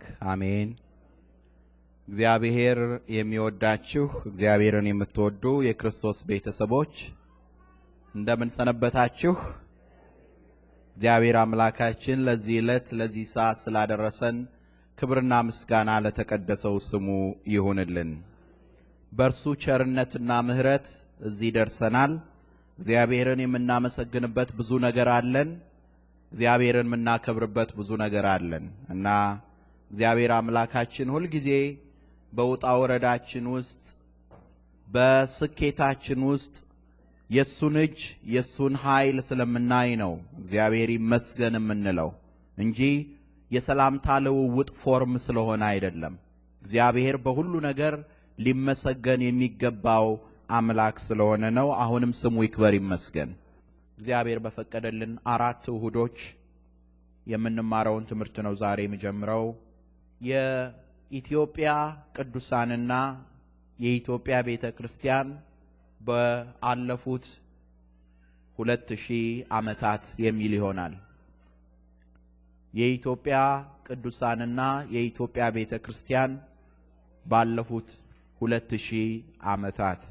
አምላክ አሜን። እግዚአብሔር የሚወዳችሁ እግዚአብሔርን የምትወዱ የክርስቶስ ቤተሰቦች እንደምን ሰነበታችሁ? እግዚአብሔር አምላካችን ለዚህ ዕለት ለዚህ ሰዓት ስላደረሰን ክብርና ምስጋና ለተቀደሰው ስሙ ይሁንልን። በእርሱ ቸርነትና ምሕረት እዚህ ደርሰናል። እግዚአብሔርን የምናመሰግንበት ብዙ ነገር አለን። እግዚአብሔርን የምናከብርበት ብዙ ነገር አለን እና እግዚአብሔር አምላካችን ሁልጊዜ በውጣ ወረዳችን ውስጥ በስኬታችን ውስጥ የእሱን እጅ የእሱን ኃይል ስለምናይ ነው እግዚአብሔር ይመስገን የምንለው እንጂ የሰላምታ ልውውጥ ፎርም ስለሆነ አይደለም። እግዚአብሔር በሁሉ ነገር ሊመሰገን የሚገባው አምላክ ስለሆነ ነው። አሁንም ስሙ ይክበር ይመስገን። እግዚአብሔር በፈቀደልን አራት እሁዶች የምንማረውን ትምህርት ነው ዛሬ የሚጀምረው። የኢትዮጵያ ቅዱሳንና የኢትዮጵያ ቤተ ክርስቲያን በአለፉት ሁለት ሺህ ዓመታት የሚል ይሆናል። የኢትዮጵያ ቅዱሳንና የኢትዮጵያ ቤተ ክርስቲያን ባለፉት ሁለት ሺህ ዓመታት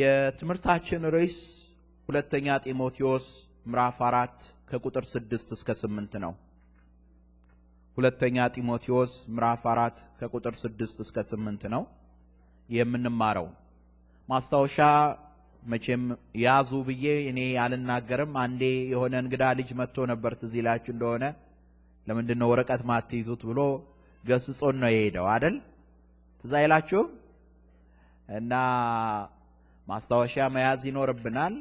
የትምህርታችን ርዕስ ሁለተኛ ጢሞቴዎስ ምዕራፍ አራት ከቁጥር ስድስት እስከ ስምንት ነው። ሁለተኛ ጢሞቴዎስ ምዕራፍ አራት ከቁጥር ስድስት እስከ ስምንት ነው የምንማረው። ማስታወሻ መቼም ያዙ ብዬ እኔ አልናገርም። አንዴ የሆነ እንግዳ ልጅ መጥቶ ነበር፣ ትዝ ይላችሁ እንደሆነ ለምንድን ነው ወረቀት ማትይዙት ብሎ ገስጾን ነው የሄደው አደል? ትዝ አይላችሁ? እና ማስታወሻ መያዝ ይኖርብናል።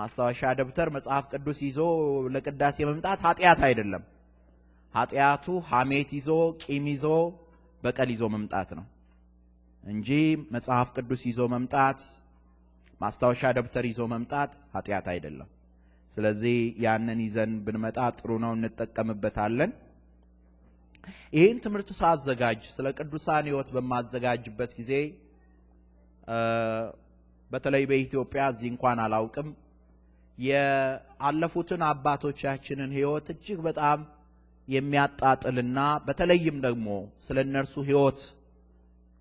ማስታወሻ ደብተር፣ መጽሐፍ ቅዱስ ይዞ ለቅዳሴ መምጣት ኃጢአት አይደለም። ኃጢአቱ ሐሜት ይዞ ቂም ይዞ በቀል ይዞ መምጣት ነው እንጂ መጽሐፍ ቅዱስ ይዞ መምጣት ማስታወሻ ደብተር ይዞ መምጣት ኃጢአት አይደለም። ስለዚህ ያንን ይዘን ብንመጣ ጥሩ ነው፣ እንጠቀምበታለን። ይህን ትምህርት ሳዘጋጅ ስለ ቅዱሳን ሕይወት በማዘጋጅበት ጊዜ በተለይ በኢትዮጵያ እዚህ እንኳን አላውቅም የአለፉትን አባቶቻችንን ሕይወት እጅግ በጣም የሚያጣጥልና በተለይም ደግሞ ስለ እነርሱ ሕይወት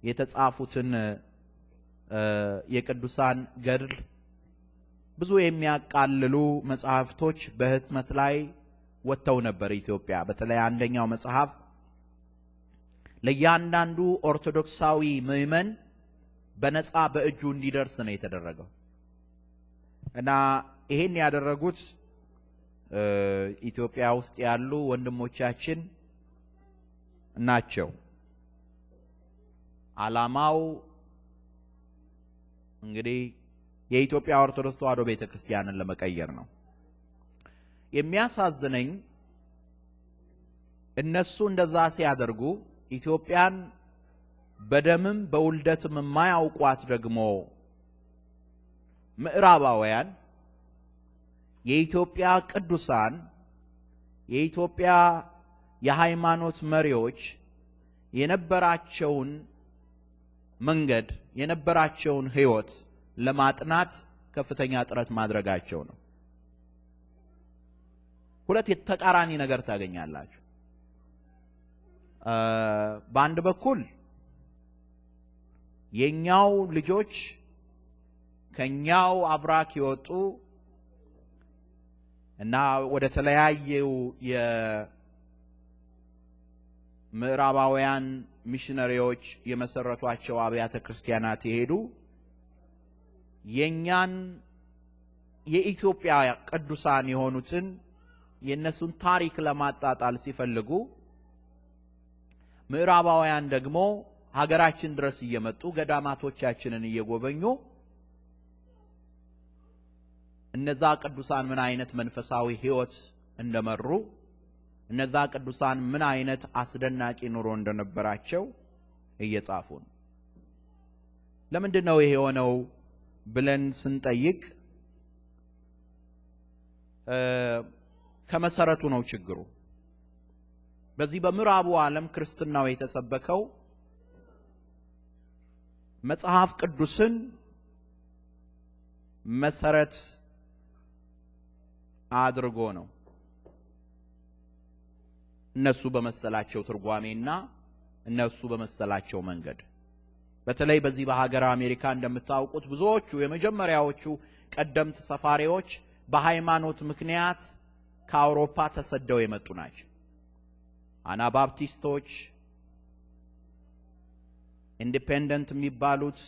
የተጻፉትን የቅዱሳን ገድል ብዙ የሚያቃልሉ መጽሐፍቶች በህትመት ላይ ወጥተው ነበር። ኢትዮጵያ በተለይ አንደኛው መጽሐፍ ለእያንዳንዱ ኦርቶዶክሳዊ ምዕመን በነፃ በእጁ እንዲደርስ ነው የተደረገው እና ይሄን ያደረጉት ኢትዮጵያ ውስጥ ያሉ ወንድሞቻችን ናቸው። ዓላማው እንግዲህ የኢትዮጵያ ኦርቶዶክስ ተዋሕዶ ቤተ ክርስቲያንን ለመቀየር ነው። የሚያሳዝነኝ እነሱ እንደዛ ሲያደርጉ ኢትዮጵያን በደምም በውልደትም የማያውቋት ደግሞ ምዕራባውያን የኢትዮጵያ ቅዱሳን፣ የኢትዮጵያ የሃይማኖት መሪዎች የነበራቸውን መንገድ የነበራቸውን ሕይወት ለማጥናት ከፍተኛ ጥረት ማድረጋቸው ነው። ሁለት የተቃራኒ ነገር ታገኛላችሁ። በአንድ በኩል የኛው ልጆች ከኛው አብራክ የወጡ እና ወደ ተለያየው የምዕራባውያን ሚሽነሪዎች የመሰረቷቸው አብያተ ክርስቲያናት የሄዱ የእኛን የኢትዮጵያ ቅዱሳን የሆኑትን የእነሱን ታሪክ ለማጣጣል ሲፈልጉ ምዕራባውያን ደግሞ ሀገራችን ድረስ እየመጡ ገዳማቶቻችንን እየጎበኙ እነዛ ቅዱሳን ምን አይነት መንፈሳዊ ህይወት እንደመሩ እነዛ ቅዱሳን ምን አይነት አስደናቂ ኑሮ እንደነበራቸው እየጻፉ ነው። ለምንድን ነው ይሄ የሆነው ብለን ስንጠይቅ ከመሰረቱ ነው ችግሩ። በዚህ በምዕራቡ ዓለም ክርስትናው የተሰበከው መጽሐፍ ቅዱስን መሰረት አድርጎ ነው። እነሱ በመሰላቸው ትርጓሜና እነሱ በመሰላቸው መንገድ በተለይ በዚህ በሀገር አሜሪካ እንደምታውቁት ብዙዎቹ የመጀመሪያዎቹ ቀደምት ሰፋሪዎች በሃይማኖት ምክንያት ከአውሮፓ ተሰደው የመጡ ናቸው። አናባፕቲስቶች፣ ኢንዲፔንደንት የሚባሉት፣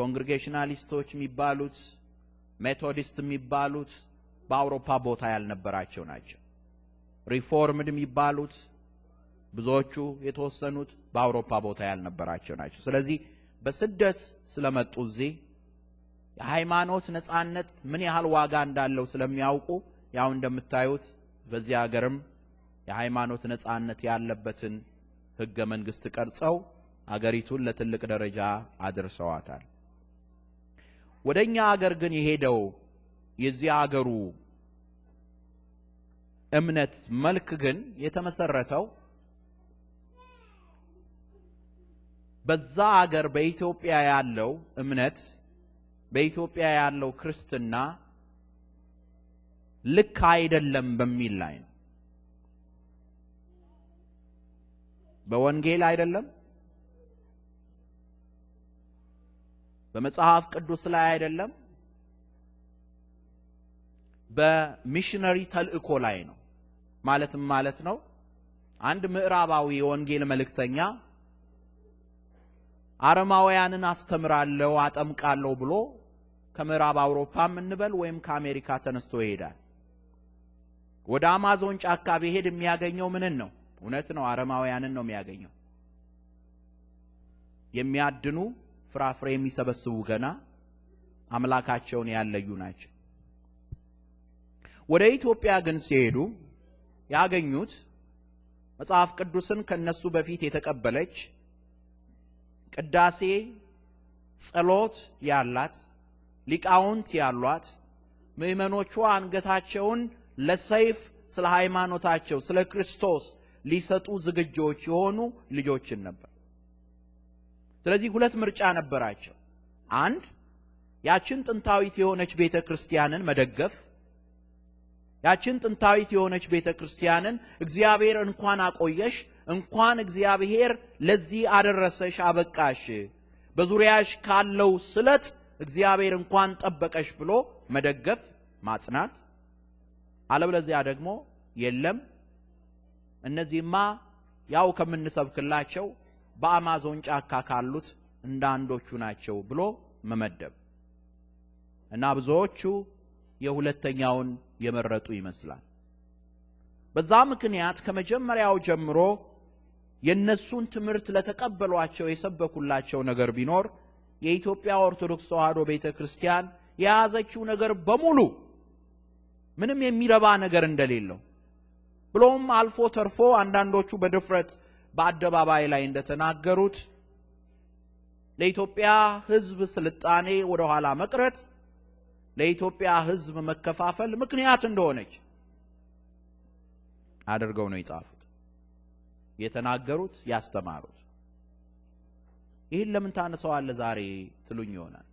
ኮንግሪጌሽናሊስቶች የሚባሉት፣ ሜቶዲስት የሚባሉት በአውሮፓ ቦታ ያልነበራቸው ናቸው። ሪፎርምድ የሚባሉት ብዙዎቹ የተወሰኑት በአውሮፓ ቦታ ያልነበራቸው ናቸው። ስለዚህ በስደት ስለመጡ እዚህ የሃይማኖት ነጻነት ምን ያህል ዋጋ እንዳለው ስለሚያውቁ ያው እንደምታዩት በዚህ ሀገርም የሃይማኖት ነጻነት ያለበትን ህገ መንግስት ቀርጸው አገሪቱን ለትልቅ ደረጃ አድርሰዋታል። ወደኛ አገር ግን የሄደው የዚያ አገሩ እምነት መልክ ግን የተመሰረተው በዛ አገር በኢትዮጵያ ያለው እምነት በኢትዮጵያ ያለው ክርስትና ልክ አይደለም በሚል ላይ ነው። በወንጌል አይደለም፣ በመጽሐፍ ቅዱስ ላይ አይደለም፣ በሚሽነሪ ተልእኮ ላይ ነው። ማለትም ማለት ነው አንድ ምዕራባዊ የወንጌል መልእክተኛ አረማውያንን አስተምራለሁ፣ አጠምቃለሁ ብሎ ከምዕራብ አውሮፓ እንበል ወይም ከአሜሪካ ተነስቶ ይሄዳል። ወደ አማዞን ጫካ ቢሄድ የሚያገኘው ምንን ነው? እውነት ነው፣ አረማውያንን ነው የሚያገኘው። የሚያድኑ ፍራፍሬ የሚሰበስቡ ገና አምላካቸውን ያለዩ ናቸው። ወደ ኢትዮጵያ ግን ሲሄዱ ያገኙት መጽሐፍ ቅዱስን ከነሱ በፊት የተቀበለች ቅዳሴ፣ ጸሎት ያላት ሊቃውንት ያሏት ምእመኖቿ አንገታቸውን ለሰይፍ ስለ ሃይማኖታቸው ስለ ክርስቶስ ሊሰጡ ዝግጆች የሆኑ ልጆችን ነበር። ስለዚህ ሁለት ምርጫ ነበራቸው። አንድ ያችን ጥንታዊት የሆነች ቤተ ክርስቲያንን መደገፍ ያችን ጥንታዊት የሆነች ቤተ ክርስቲያንን እግዚአብሔር እንኳን አቆየሽ፣ እንኳን እግዚአብሔር ለዚህ አደረሰሽ፣ አበቃሽ፣ በዙሪያሽ ካለው ስለት እግዚአብሔር እንኳን ጠበቀሽ ብሎ መደገፍ፣ ማጽናት፣ አለበለዚያ ደግሞ የለም እነዚህማ ያው ከምንሰብክላቸው በአማዞን ጫካ ካሉት እንደ አንዶቹ ናቸው ብሎ መመደብ እና ብዙዎቹ የሁለተኛውን የመረጡ ይመስላል። በዛ ምክንያት ከመጀመሪያው ጀምሮ የእነሱን ትምህርት ለተቀበሏቸው የሰበኩላቸው ነገር ቢኖር የኢትዮጵያ ኦርቶዶክስ ተዋሕዶ ቤተ ክርስቲያን የያዘችው ነገር በሙሉ ምንም የሚረባ ነገር እንደሌለው ብሎም አልፎ ተርፎ አንዳንዶቹ በድፍረት በአደባባይ ላይ እንደተናገሩት ለኢትዮጵያ ሕዝብ ስልጣኔ ወደ ኋላ መቅረት ለኢትዮጵያ ሕዝብ መከፋፈል ምክንያት እንደሆነች አድርገው ነው የጻፉት የተናገሩት ያስተማሩት። ይህን ለምን ታነሳዋለህ ዛሬ ትሉኝ ይሆናል።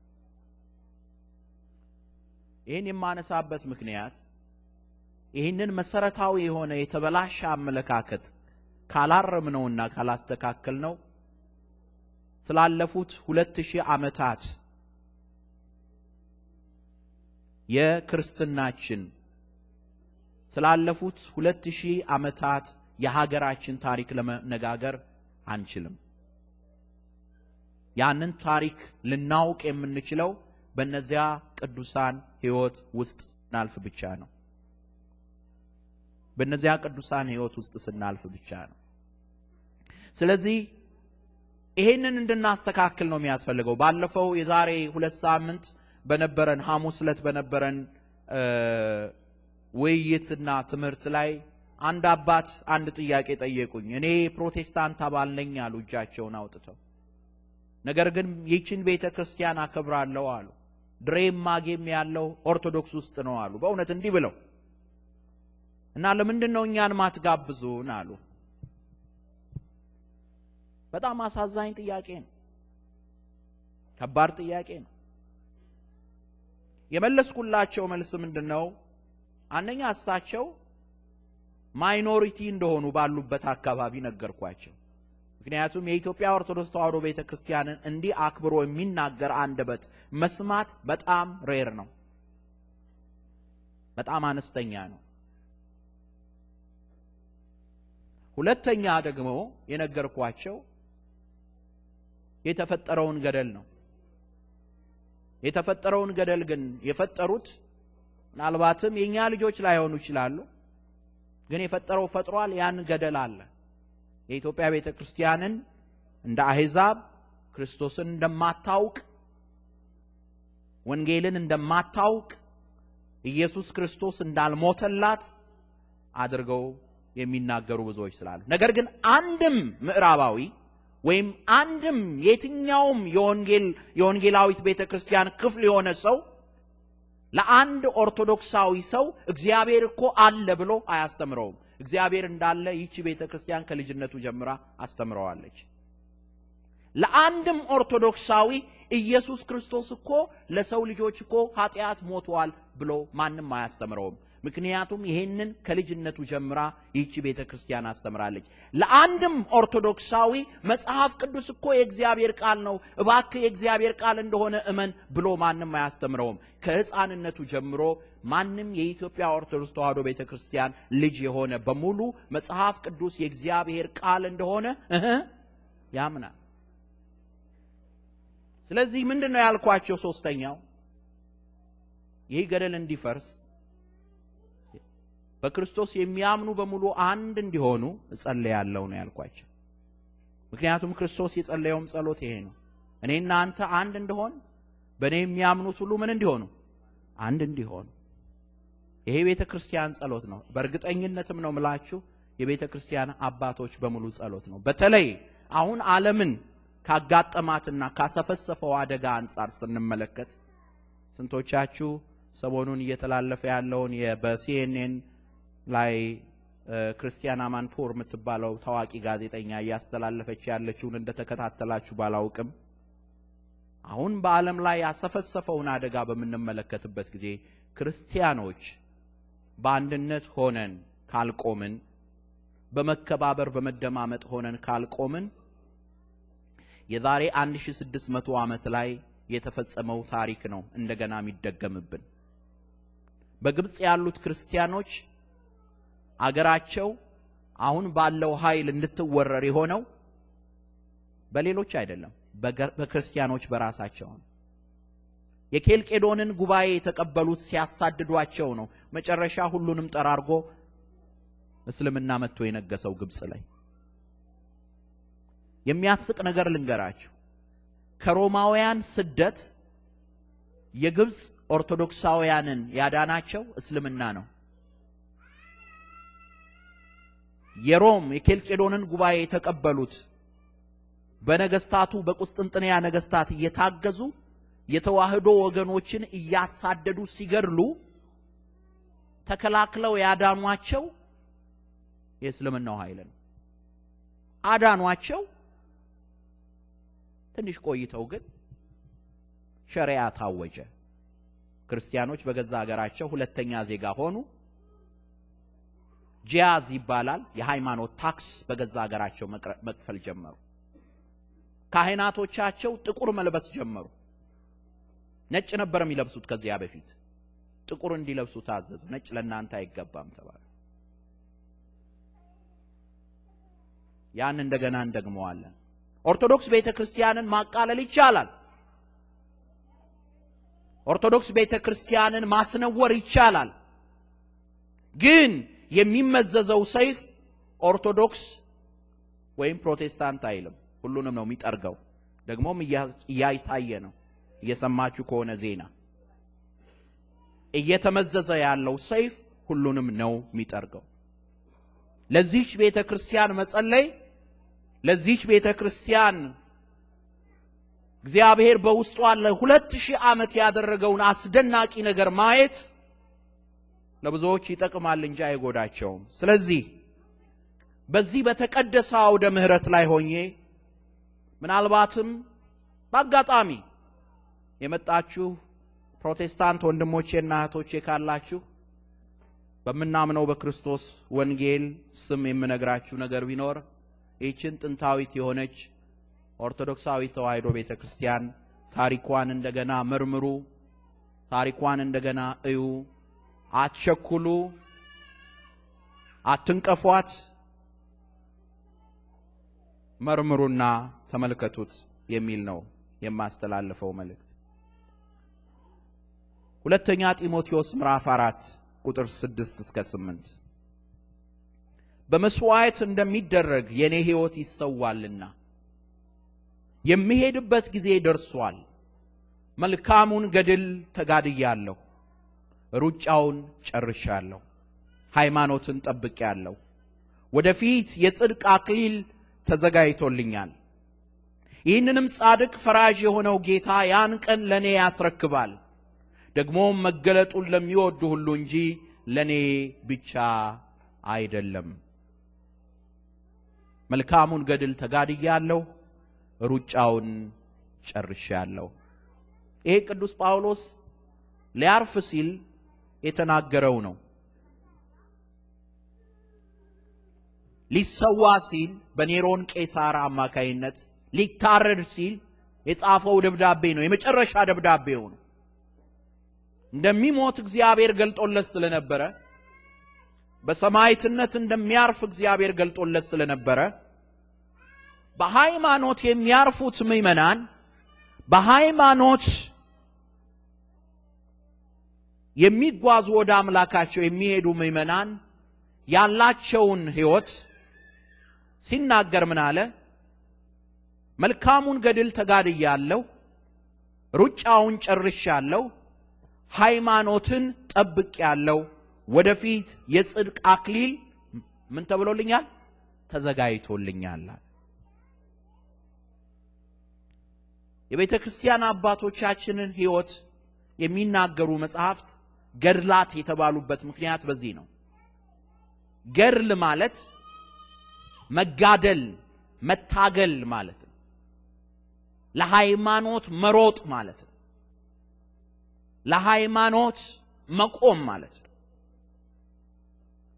ይህን የማነሳበት ምክንያት ይህንን መሰረታዊ የሆነ የተበላሸ አመለካከት ካላረምነውና ካላስተካከልነው ስላለፉት ሁለት ሺህ ዓመታት የክርስትናችን ስላለፉት ሁለት ሺህ ዓመታት የሀገራችን ታሪክ ለመነጋገር አንችልም። ያንን ታሪክ ልናውቅ የምንችለው በእነዚያ ቅዱሳን ሕይወት ውስጥ ስናልፍ ብቻ ነው። በእነዚያ ቅዱሳን ሕይወት ውስጥ ስናልፍ ብቻ ነው። ስለዚህ ይሄንን እንድናስተካክል ነው የሚያስፈልገው። ባለፈው የዛሬ ሁለት ሳምንት በነበረን ሐሙስ ዕለት በነበረን ውይይትና ትምህርት ላይ አንድ አባት አንድ ጥያቄ ጠየቁኝ። እኔ ፕሮቴስታንት አባል ነኝ አሉ እጃቸውን አውጥተው። ነገር ግን ይችን ቤተ ክርስቲያን አከብራለሁ አሉ። ድሬም ማጌም ያለው ኦርቶዶክስ ውስጥ ነው አሉ። በእውነት እንዲህ ብለው እና ለምንድን ነው እኛን ማትጋብዙን አሉ። በጣም አሳዛኝ ጥያቄ ነው። ከባድ ጥያቄ ነው። የመለስኩላቸው መልስ ምንድን ነው? አንደኛ እሳቸው ማይኖሪቲ እንደሆኑ ባሉበት አካባቢ ነገርኳቸው። ምክንያቱም የኢትዮጵያ ኦርቶዶክስ ተዋሕዶ ቤተ ክርስቲያንን እንዲህ አክብሮ የሚናገር አንደበት መስማት በጣም ሬር ነው፣ በጣም አነስተኛ ነው። ሁለተኛ ደግሞ የነገርኳቸው የተፈጠረውን ገደል ነው። የተፈጠረውን ገደል ግን የፈጠሩት ምናልባትም የእኛ ልጆች ላይሆኑ ይችላሉ። ግን የፈጠረው ፈጥሯል። ያን ገደል አለ። የኢትዮጵያ ቤተ ክርስቲያንን እንደ አሕዛብ ክርስቶስን እንደማታውቅ፣ ወንጌልን እንደማታውቅ፣ ኢየሱስ ክርስቶስ እንዳልሞተላት አድርገው የሚናገሩ ብዙዎች ስላሉ ነገር ግን አንድም ምዕራባዊ ወይም አንድም የትኛውም የወንጌላዊት ቤተ ክርስቲያን ክፍል የሆነ ሰው ለአንድ ኦርቶዶክሳዊ ሰው እግዚአብሔር እኮ አለ ብሎ አያስተምረውም። እግዚአብሔር እንዳለ ይቺ ቤተ ክርስቲያን ከልጅነቱ ጀምራ አስተምረዋለች። ለአንድም ኦርቶዶክሳዊ ኢየሱስ ክርስቶስ እኮ ለሰው ልጆች እኮ ኃጢአት ሞቷል ብሎ ማንም አያስተምረውም። ምክንያቱም ይሄንን ከልጅነቱ ጀምራ ይቺ ቤተ ክርስቲያን አስተምራለች። ለአንድም ኦርቶዶክሳዊ መጽሐፍ ቅዱስ እኮ የእግዚአብሔር ቃል ነው፣ እባክህ የእግዚአብሔር ቃል እንደሆነ እመን ብሎ ማንም አያስተምረውም። ከሕፃንነቱ ጀምሮ ማንም የኢትዮጵያ ኦርቶዶክስ ተዋሕዶ ቤተ ክርስቲያን ልጅ የሆነ በሙሉ መጽሐፍ ቅዱስ የእግዚአብሔር ቃል እንደሆነ እህ ያምናል። ስለዚህ ምንድን ነው ያልኳቸው? ሶስተኛው ይህ ገደል እንዲፈርስ በክርስቶስ የሚያምኑ በሙሉ አንድ እንዲሆኑ እጸልያለሁ ነው ያልኳቸው። ምክንያቱም ክርስቶስ የጸለየውም ጸሎት ይሄ ነው። እኔና አንተ አንድ እንደሆን በእኔ የሚያምኑት ሁሉ ምን እንዲሆኑ? አንድ እንዲሆኑ። ይሄ ቤተ ክርስቲያን ጸሎት ነው። በእርግጠኝነትም ነው ምላችሁ የቤተ ክርስቲያን አባቶች በሙሉ ጸሎት ነው። በተለይ አሁን ዓለምን ካጋጠማትና ካሰፈሰፈው አደጋ አንጻር ስንመለከት ስንቶቻችሁ ሰሞኑን እየተላለፈ ያለውን በሲኤንኤን ላይ ክርስቲያን አማንፖር የምትባለው ታዋቂ ጋዜጠኛ እያስተላለፈች ያለችውን እንደተከታተላችሁ ባላውቅም አሁን በዓለም ላይ ያሰፈሰፈውን አደጋ በምንመለከትበት ጊዜ ክርስቲያኖች በአንድነት ሆነን ካልቆምን፣ በመከባበር በመደማመጥ ሆነን ካልቆምን የዛሬ 1600 ዓመት ላይ የተፈጸመው ታሪክ ነው እንደገና የሚደገምብን። በግብፅ ያሉት ክርስቲያኖች አገራቸው አሁን ባለው ኃይል እንድትወረር የሆነው በሌሎች አይደለም፣ በክርስቲያኖች በራሳቸው ነው። የኬልቄዶንን ጉባኤ የተቀበሉት ሲያሳድዷቸው ነው። መጨረሻ ሁሉንም ጠራርጎ እስልምና መጥቶ የነገሰው ግብጽ ላይ። የሚያስቅ ነገር ልንገራችሁ። ከሮማውያን ስደት የግብጽ ኦርቶዶክሳውያንን ያዳናቸው እስልምና ነው። የሮም የኬልቄዶንን ጉባኤ የተቀበሉት በነገስታቱ በቁስጥንጥንያ ነገስታት እየታገዙ የተዋህዶ ወገኖችን እያሳደዱ ሲገድሉ ተከላክለው ያዳኗቸው የእስልምናው ኃይል ነው። አዳኗቸው። ትንሽ ቆይተው ግን ሸሪያ ታወጀ። ክርስቲያኖች በገዛ ሀገራቸው ሁለተኛ ዜጋ ሆኑ። ጂያዝ ይባላል። የሃይማኖት ታክስ በገዛ ሀገራቸው መክፈል ጀመሩ። ካህናቶቻቸው ጥቁር መልበስ ጀመሩ። ነጭ ነበር የሚለብሱት ከዚያ በፊት ጥቁር እንዲለብሱ ታዘዘ። ነጭ ለእናንተ አይገባም ተባለ። ያን እንደገና እንደግመዋለን። ኦርቶዶክስ ቤተ ክርስቲያንን ማቃለል ይቻላል። ኦርቶዶክስ ቤተ ክርስቲያንን ማስነወር ይቻላል ግን የሚመዘዘው ሰይፍ ኦርቶዶክስ ወይም ፕሮቴስታንት አይልም። ሁሉንም ነው የሚጠርገው። ደግሞም እያይታየ ነው። እየሰማችሁ ከሆነ ዜና እየተመዘዘ ያለው ሰይፍ ሁሉንም ነው የሚጠርገው። ለዚህች ቤተ ክርስቲያን መጸለይ፣ ለዚህች ቤተ ክርስቲያን እግዚአብሔር በውስጧ ለሁለት ሺህ ዓመት ያደረገውን አስደናቂ ነገር ማየት ለብዙዎች ይጠቅማል እንጂ አይጎዳቸውም። ስለዚህ በዚህ በተቀደሰ አውደ ምሕረት ላይ ሆኜ ምናልባትም በአጋጣሚ የመጣችሁ ፕሮቴስታንት ወንድሞቼና እህቶቼ ካላችሁ በምናምነው በክርስቶስ ወንጌል ስም የምነግራችሁ ነገር ቢኖር ይህችን ጥንታዊት የሆነች ኦርቶዶክሳዊ ተዋሕዶ ቤተ ክርስቲያን ታሪኳን እንደገና መርምሩ፣ ታሪኳን እንደገና እዩ። አትቸኩሉ፣ አትንቀፏት፣ መርምሩና ተመልከቱት የሚል ነው የማስተላልፈው መልእክት። ሁለተኛ ጢሞቴዎስ ምዕራፍ አራት ቁጥር ስድስት እስከ ስምንት በመስዋዕት እንደሚደረግ የእኔ ሕይወት ይሰዋልና የምሄድበት ጊዜ ደርሷል። መልካሙን ገድል ተጋድያለሁ ሩጫውን ጨርሻለሁ፣ ሃይማኖትን ጠብቄያለሁ። ወደፊት የጽድቅ አክሊል ተዘጋጅቶልኛል። ይህንንም ጻድቅ ፈራዥ የሆነው ጌታ ያን ቀን ለእኔ ያስረክባል። ደግሞም መገለጡን ለሚወዱ ሁሉ እንጂ ለእኔ ብቻ አይደለም። መልካሙን ገድል ተጋድያለሁ፣ ሩጫውን ጨርሻለሁ። ይሄ ቅዱስ ጳውሎስ ሊያርፍ ሲል የተናገረው ነው። ሊሰዋ ሲል በኔሮን ቄሳር አማካይነት ሊታረድ ሲል የጻፈው ደብዳቤ ነው። የመጨረሻ ደብዳቤው ነው። እንደሚሞት እግዚአብሔር ገልጦለት ስለነበረ በሰማይትነት እንደሚያርፍ እግዚአብሔር ገልጦለት ስለነበረ በሃይማኖት የሚያርፉት ምዕመናን በሃይማኖት የሚጓዙ ወደ አምላካቸው የሚሄዱ ምዕመናን ያላቸውን ሕይወት ሲናገር ምን አለ? መልካሙን ገድል ተጋድያለሁ፣ ሩጫውን ጨርሻለሁ፣ ሃይማኖትን ጠብቄያለሁ፣ ወደፊት የጽድቅ አክሊል ምን ተብሎልኛል? ተዘጋጅቶልኛል። የቤተ ክርስቲያን አባቶቻችንን ሕይወት የሚናገሩ መጽሐፍት ገድላት የተባሉበት ምክንያት በዚህ ነው። ገድል ማለት መጋደል፣ መታገል ማለት ነው። ለሃይማኖት መሮጥ ማለት ነው። ለሃይማኖት መቆም ማለት ነው።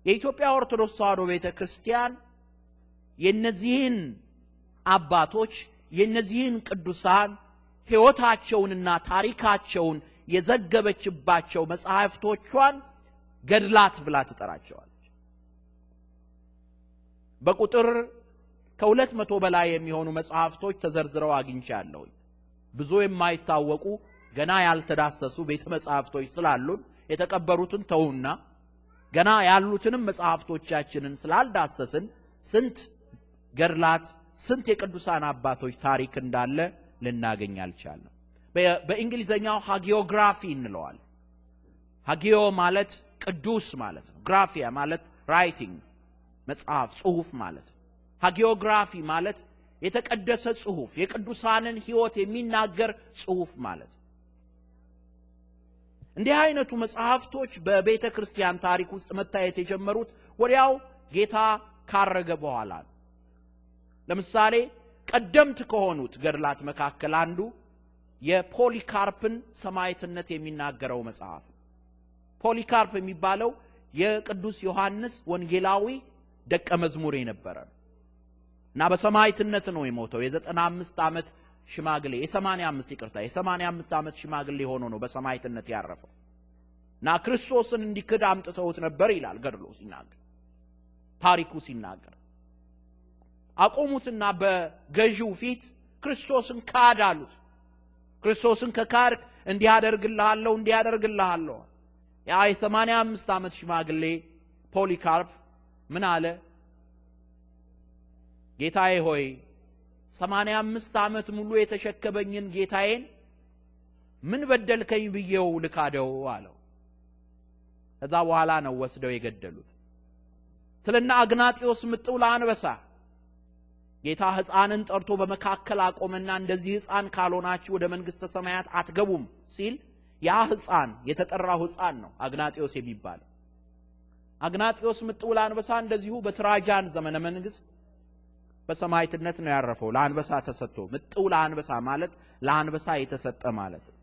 የኢትዮጵያ ኦርቶዶክስ ተዋሕዶ ቤተ ክርስቲያን የእነዚህን አባቶች የእነዚህን ቅዱሳን ሕይወታቸውንና ታሪካቸውን የዘገበችባቸው መጽሐፍቶቿን ገድላት ብላ ትጠራቸዋለች። በቁጥር ከሁለት መቶ በላይ የሚሆኑ መጽሐፍቶች ተዘርዝረው አግኝቻለሁኝ። ብዙ የማይታወቁ ገና ያልተዳሰሱ ቤተ መጽሐፍቶች ስላሉን የተቀበሩትን ተውና ገና ያሉትንም መጽሐፍቶቻችንን ስላልዳሰስን ስንት ገድላት ስንት የቅዱሳን አባቶች ታሪክ እንዳለ ልናገኝ አልቻለም። በእንግሊዘኛው ሃጊዮግራፊ እንለዋል። ሃጊዮ ማለት ቅዱስ ማለት ነው። ግራፊያ ማለት ራይቲንግ መጽሐፍ፣ ጽሁፍ ማለት ነው። ሃጊዮግራፊ ማለት የተቀደሰ ጽሁፍ፣ የቅዱሳንን ህይወት የሚናገር ጽሁፍ ማለት ነው። እንዲህ አይነቱ መጽሐፍቶች በቤተ ክርስቲያን ታሪክ ውስጥ መታየት የጀመሩት ወዲያው ጌታ ካረገ በኋላ ነው። ለምሳሌ ቀደምት ከሆኑት ገድላት መካከል አንዱ የፖሊካርፕን ሰማዕትነት የሚናገረው መጽሐፍ ፖሊካርፕ የሚባለው የቅዱስ ዮሐንስ ወንጌላዊ ደቀ መዝሙር የነበረ እና በሰማዕትነት ነው የሞተው። የዘጠና አምስት ዓመት ሽማግሌ የሰማንያ አምስት ይቅርታ የሰማንያ አምስት ዓመት ሽማግሌ ሆኖ ነው በሰማዕትነት ያረፈው እና ክርስቶስን እንዲክድ አምጥተውት ነበር ይላል ገድሎ ሲናገር ታሪኩ ሲናገር አቆሙትና በገዢው ፊት ክርስቶስን ካድ አሉት። ክርስቶስን ከካርክ እንዲያደርግልሃለሁ እንዲያደርግልሃለሁ። ያ የሰማንያ አምስት ዓመት ሽማግሌ ፖሊካርፕ ምን አለ? ጌታዬ ሆይ ሰማንያ አምስት ዓመት ሙሉ የተሸከበኝን ጌታዬን ምን በደልከኝ ብዬው ልካደው አለው። ከዛ በኋላ ነው ወስደው የገደሉት። ስለና አግናጢዮስ ምጥው ለአንበሳ ጌታ ሕፃንን ጠርቶ በመካከል አቆመና እንደዚህ ሕፃን ካልሆናችሁ ወደ መንግሥተ ሰማያት አትገቡም ሲል ያ ሕፃን የተጠራው ሕፃን ነው አግናጢዮስ የሚባለው። አግናጢዮስ ምጥውል አንበሳ እንደዚሁ በትራጃን ዘመነ መንግሥት በሰማይትነት ነው ያረፈው። ለአንበሳ ተሰጥቶ ምጥው አንበሳ ማለት ለአንበሳ የተሰጠ ማለት ነው።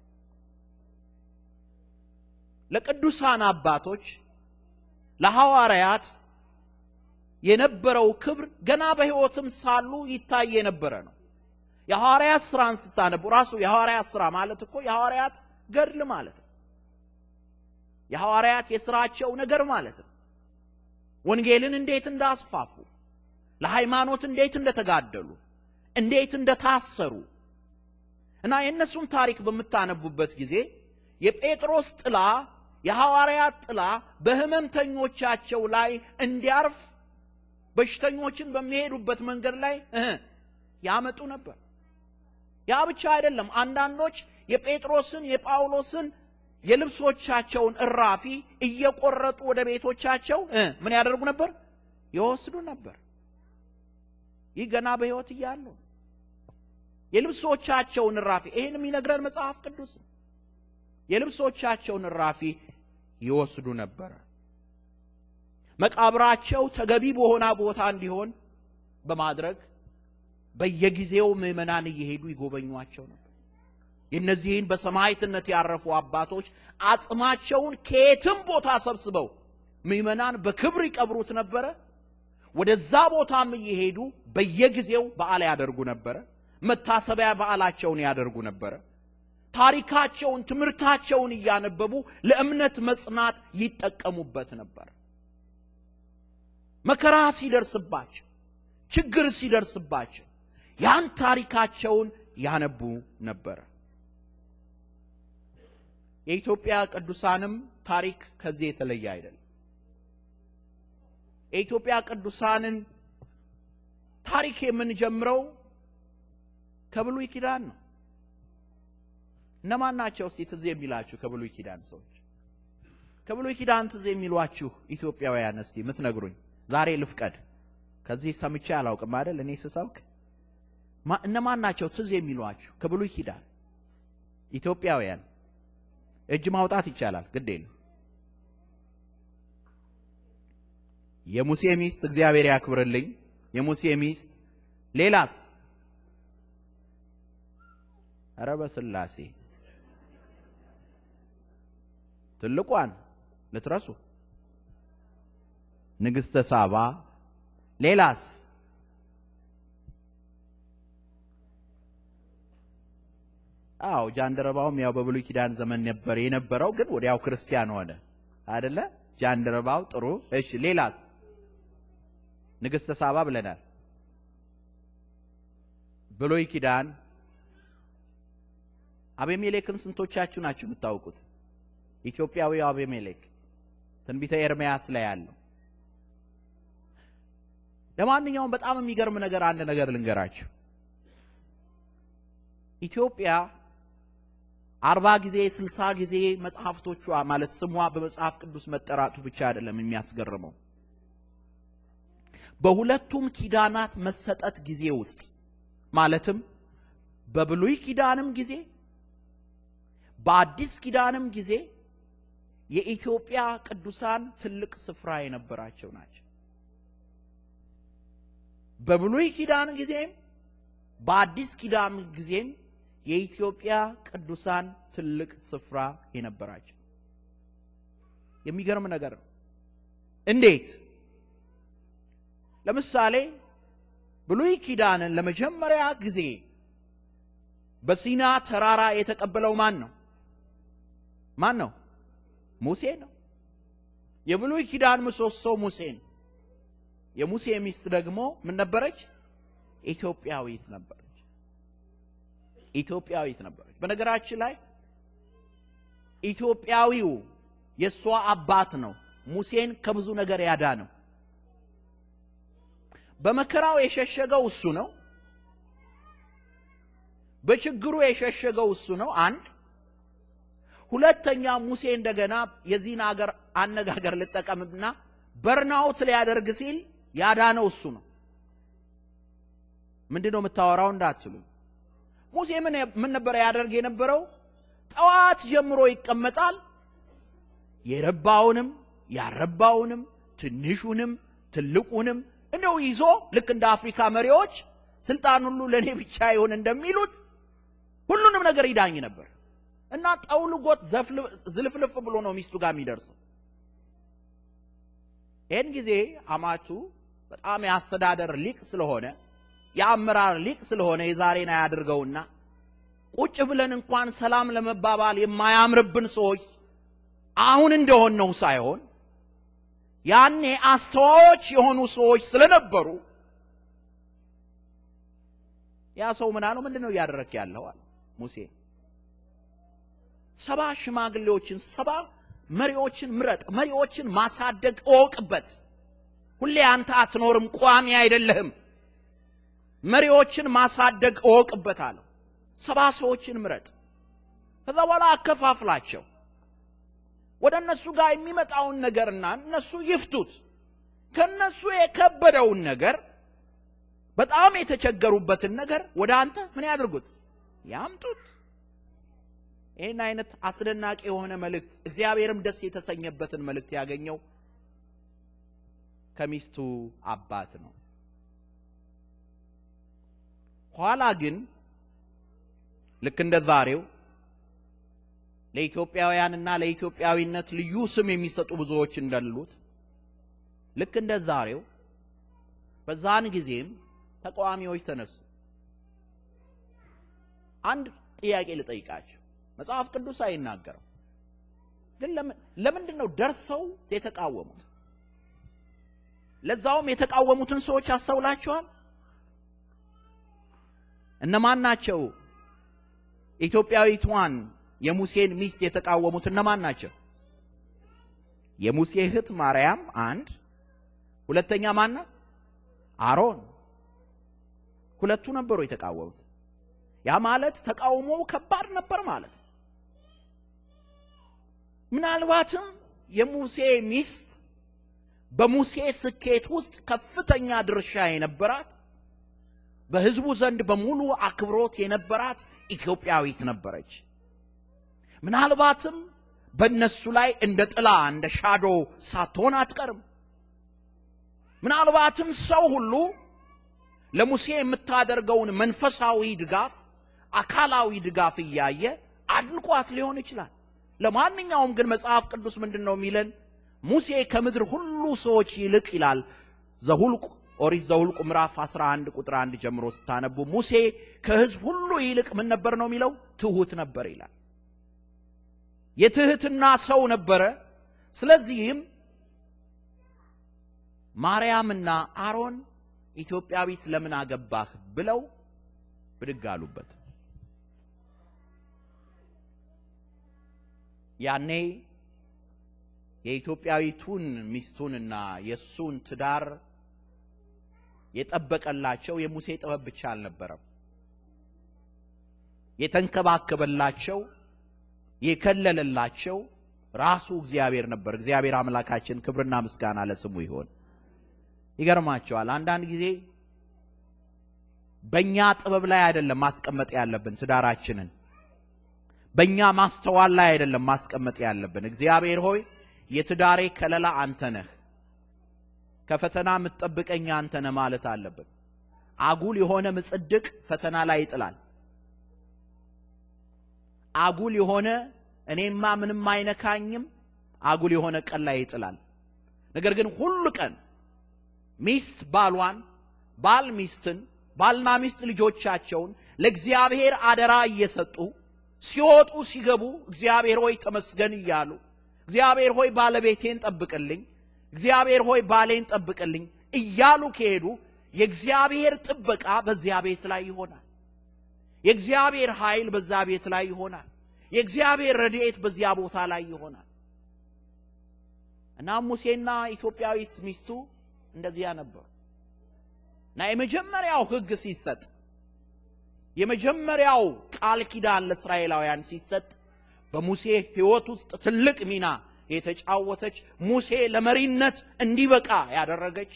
ለቅዱሳን አባቶች ለሐዋርያት የነበረው ክብር ገና በሕይወትም ሳሉ ይታይ የነበረ ነው። የሐዋርያት ስራን ስታነቡ ራሱ የሐዋርያት ስራ ማለት እኮ የሐዋርያት ገድል ማለት ነው። የሐዋርያት የስራቸው ነገር ማለት ነው። ወንጌልን እንዴት እንዳስፋፉ፣ ለሃይማኖት እንዴት እንደተጋደሉ፣ እንዴት እንደታሰሩ እና የእነሱን ታሪክ በምታነቡበት ጊዜ የጴጥሮስ ጥላ የሐዋርያት ጥላ በህመምተኞቻቸው ላይ እንዲያርፍ በሽተኞችን በሚሄዱበት መንገድ ላይ ያመጡ ነበር። ያ ብቻ አይደለም። አንዳንዶች የጴጥሮስን የጳውሎስን የልብሶቻቸውን እራፊ እየቆረጡ ወደ ቤቶቻቸው ምን ያደርጉ ነበር? ይወስዱ ነበር። ይህ ገና በሕይወት እያሉ የልብሶቻቸውን እራፊ ይህን የሚነግረን መጽሐፍ ቅዱስ የልብሶቻቸውን እራፊ ይወስዱ ነበር። መቃብራቸው ተገቢ በሆነ ቦታ እንዲሆን በማድረግ በየጊዜው ምዕመናን እየሄዱ ይጎበኟቸው ነበር። የእነዚህን በሰማዕትነት ያረፉ አባቶች አጽማቸውን ከየትም ቦታ ሰብስበው ምዕመናን በክብር ይቀብሩት ነበረ። ወደዛ ቦታም እየሄዱ በየጊዜው በዓል ያደርጉ ነበረ። መታሰቢያ በዓላቸውን ያደርጉ ነበረ። ታሪካቸውን፣ ትምህርታቸውን እያነበቡ ለእምነት መጽናት ይጠቀሙበት ነበር። መከራ ሲደርስባቸው፣ ችግር ሲደርስባቸው ያን ታሪካቸውን ያነቡ ነበር። የኢትዮጵያ ቅዱሳንም ታሪክ ከዚህ የተለየ አይደለም። የኢትዮጵያ ቅዱሳንን ታሪክ የምንጀምረው ከብሉይ ኪዳን ነው። እነማን ናቸው እስቲ ትዝ የሚላችሁ ከብሉይ ኪዳን ሰዎች? ከብሉይ ኪዳን ትዝ የሚሏችሁ ኢትዮጵያውያን እስቲ የምትነግሩኝ? ዛሬ ልፍቀድ። ከዚህ ሰምቼ አላውቅም አይደል? እኔ ስሰብክ እነማን ናቸው ትዝ የሚሏችሁ? ከብሉይ ኪዳን ኢትዮጵያውያን እጅ ማውጣት ይቻላል፣ ግዴ ነው። የሙሴ ሚስት እግዚአብሔር ያክብርልኝ። የሙሴ ሚስት ሌላስ? ኧረ በስላሴ ትልቋን ልትረሱ ንግሥተ ሳባ ሌላስ አዎ ጃንደረባውም ያው በብሉይ ኪዳን ዘመን ነበር የነበረው፣ ግን ወዲያው ክርስቲያን ሆነ አደለ? ጃንደረባው ጥሩ። እሺ ሌላስ? ንግሥተ ሳባ ብለናል። ብሉይ ኪዳን አቤሜሌክን ስንቶቻችሁ ናችሁ የምታውቁት? ኢትዮጵያዊ አቤሜሌክ ትንቢተ ኤርምያስ ላይ ያለው ለማንኛውም በጣም የሚገርም ነገር አንድ ነገር ልንገራችሁ። ኢትዮጵያ አርባ ጊዜ ስልሳ ጊዜ መጽሐፍቶቿ ማለት ስሟ በመጽሐፍ ቅዱስ መጠራቱ ብቻ አይደለም የሚያስገርመው በሁለቱም ኪዳናት መሰጠት ጊዜ ውስጥ ማለትም በብሉይ ኪዳንም ጊዜ በአዲስ ኪዳንም ጊዜ የኢትዮጵያ ቅዱሳን ትልቅ ስፍራ የነበራቸው ናቸው። በብሉይ ኪዳን ጊዜም በአዲስ ኪዳን ጊዜም የኢትዮጵያ ቅዱሳን ትልቅ ስፍራ የነበራቸው የሚገርም ነገር ነው። እንዴት? ለምሳሌ ብሉይ ኪዳንን ለመጀመሪያ ጊዜ በሲና ተራራ የተቀበለው ማን ነው? ማን ነው? ሙሴ ነው። የብሉይ ኪዳን ምሰሶ ሙሴ ነው። የሙሴ ሚስት ደግሞ ምን ነበረች? ኢትዮጵያዊት ነበረች። ኢትዮጵያዊት ነበረች። በነገራችን ላይ ኢትዮጵያዊው የእሷ አባት ነው ሙሴን ከብዙ ነገር ያዳ ነው። በመከራው የሸሸገው እሱ ነው። በችግሩ የሸሸገው እሱ ነው። አንድ ሁለተኛ፣ ሙሴ እንደገና የዚህን አገር አነጋገር ልጠቀምና በርናውት ሊያደርግ ሲል ያዳነው እሱ ነው። ምንድን ነው የምታወራው እንዳትሉ ሙሴ ምን ነበረ ያደርግ የነበረው? ጠዋት ጀምሮ ይቀመጣል። የረባውንም ያረባውንም ትንሹንም ትልቁንም እንደው ይዞ ልክ እንደ አፍሪካ መሪዎች ስልጣን ሁሉ ለእኔ ብቻ ይሆን እንደሚሉት ሁሉንም ነገር ይዳኝ ነበር እና ጠውልጎት ዝልፍልፍ ብሎ ነው ሚስቱ ጋር የሚደርሰው። ይህን ጊዜ አማቱ በጣም የአስተዳደር ሊቅ ስለሆነ የአመራር ሊቅ ስለሆነ የዛሬን አያድርገውና ቁጭ ብለን እንኳን ሰላም ለመባባል የማያምርብን ሰዎች አሁን እንደሆን ነው ሳይሆን ያኔ አስተዋዎች የሆኑ ሰዎች ስለነበሩ ያ ሰው ምን አለው? ምንድን ነው እያደረክ ያለዋል? ሙሴ ሰባ ሽማግሌዎችን ሰባ መሪዎችን ምረጥ፣ መሪዎችን ማሳደግ እወቅበት። ሁሌ አንተ አትኖርም፣ ቋሚ አይደለህም። መሪዎችን ማሳደግ አለው። ሰባ ሰዎችን ምረጥ፣ ከዛ በኋላ አከፋፍላቸው። ወደ እነሱ ጋር የሚመጣውን ነገርና እነሱ ይፍቱት። ከእነሱ የከበደውን ነገር በጣም የተቸገሩበትን ነገር ወደ አንተ ምን ያድርጉት? ያምጡት። ይህን አይነት አስደናቂ የሆነ መልእክት እግዚአብሔርም ደስ የተሰኘበትን መልእክት ያገኘው ከሚስቱ አባት ነው። ኋላ ግን ልክ እንደ ዛሬው ለኢትዮጵያውያንና ለኢትዮጵያዊነት ልዩ ስም የሚሰጡ ብዙዎች እንዳሉት ልክ እንደ ዛሬው በዛን ጊዜም ተቃዋሚዎች ተነሱ። አንድ ጥያቄ ልጠይቃቸው። መጽሐፍ ቅዱስ አይናገረው፣ ግን ለምንድን ነው ደርሰው የተቃወሙት? ለዛውም የተቃወሙትን ሰዎች አስተውላቸዋል። እነማን ናቸው? ኢትዮጵያዊቷን የሙሴን ሚስት የተቃወሙት እነማን ናቸው? የሙሴ እህት ማርያም አንድ፣ ሁለተኛ ማና አሮን ሁለቱ ነበሩ የተቃወሙት። ያ ማለት ተቃውሞ ከባድ ነበር ማለት ነው። ምናልባትም የሙሴ ሚስት በሙሴ ስኬት ውስጥ ከፍተኛ ድርሻ የነበራት በህዝቡ ዘንድ በሙሉ አክብሮት የነበራት ኢትዮጵያዊት ነበረች። ምናልባትም በእነሱ ላይ እንደ ጥላ እንደ ሻዶ ሳትሆን አትቀርም። ምናልባትም ሰው ሁሉ ለሙሴ የምታደርገውን መንፈሳዊ ድጋፍ፣ አካላዊ ድጋፍ እያየ አድንቋት ሊሆን ይችላል። ለማንኛውም ግን መጽሐፍ ቅዱስ ምንድን ነው የሚለን? ሙሴ ከምድር ሁሉ ሰዎች ይልቅ ይላል ዘሁልቁ ኦሪት ዘሁልቁ ምዕራፍ 11 ቁጥር 1 ጀምሮ ስታነቡ ሙሴ ከህዝብ ሁሉ ይልቅ ምን ነበር ነው የሚለው? ትሁት ነበር ይላል። የትህትና ሰው ነበረ። ስለዚህም ማርያምና አሮን ኢትዮጵያዊት ለምን አገባህ ብለው ብድግ አሉበት። ያኔ የኢትዮጵያዊቱን ሚስቱንና የእሱን ትዳር የጠበቀላቸው የሙሴ ጥበብ ብቻ አልነበረም። የተንከባከበላቸው የከለለላቸው ራሱ እግዚአብሔር ነበር። እግዚአብሔር አምላካችን ክብርና ምስጋና ለስሙ ይሆን። ይገርማቸዋል። አንዳንድ ጊዜ በእኛ ጥበብ ላይ አይደለም ማስቀመጥ ያለብን ትዳራችንን፣ በእኛ ማስተዋል ላይ አይደለም ማስቀመጥ ያለብን። እግዚአብሔር ሆይ የትዳሬ ከለላ አንተ ነህ፣ ከፈተና የምትጠብቀኝ አንተ ነህ ማለት አለብን። አጉል የሆነ ምጽድቅ ፈተና ላይ ይጥላል። አጉል የሆነ እኔማ ምንም አይነካኝም አጉል የሆነ ቀን ላይ ይጥላል። ነገር ግን ሁሉ ቀን ሚስት ባሏን፣ ባል ሚስትን፣ ባልና ሚስት ልጆቻቸውን ለእግዚአብሔር አደራ እየሰጡ ሲወጡ ሲገቡ እግዚአብሔር ሆይ ተመስገን እያሉ እግዚአብሔር ሆይ ባለቤቴን ጠብቅልኝ፣ እግዚአብሔር ሆይ ባሌን ጠብቅልኝ እያሉ ከሄዱ የእግዚአብሔር ጥበቃ በዚያ ቤት ላይ ይሆናል። የእግዚአብሔር ኃይል በዚያ ቤት ላይ ይሆናል። የእግዚአብሔር ረድኤት በዚያ ቦታ ላይ ይሆናል። እና ሙሴና ኢትዮጵያዊት ሚስቱ እንደዚያ ነበሩ። እና የመጀመሪያው ሕግ ሲሰጥ የመጀመሪያው ቃል ኪዳን ለእስራኤላውያን ሲሰጥ በሙሴ ህይወት ውስጥ ትልቅ ሚና የተጫወተች ሙሴ ለመሪነት እንዲበቃ ያደረገች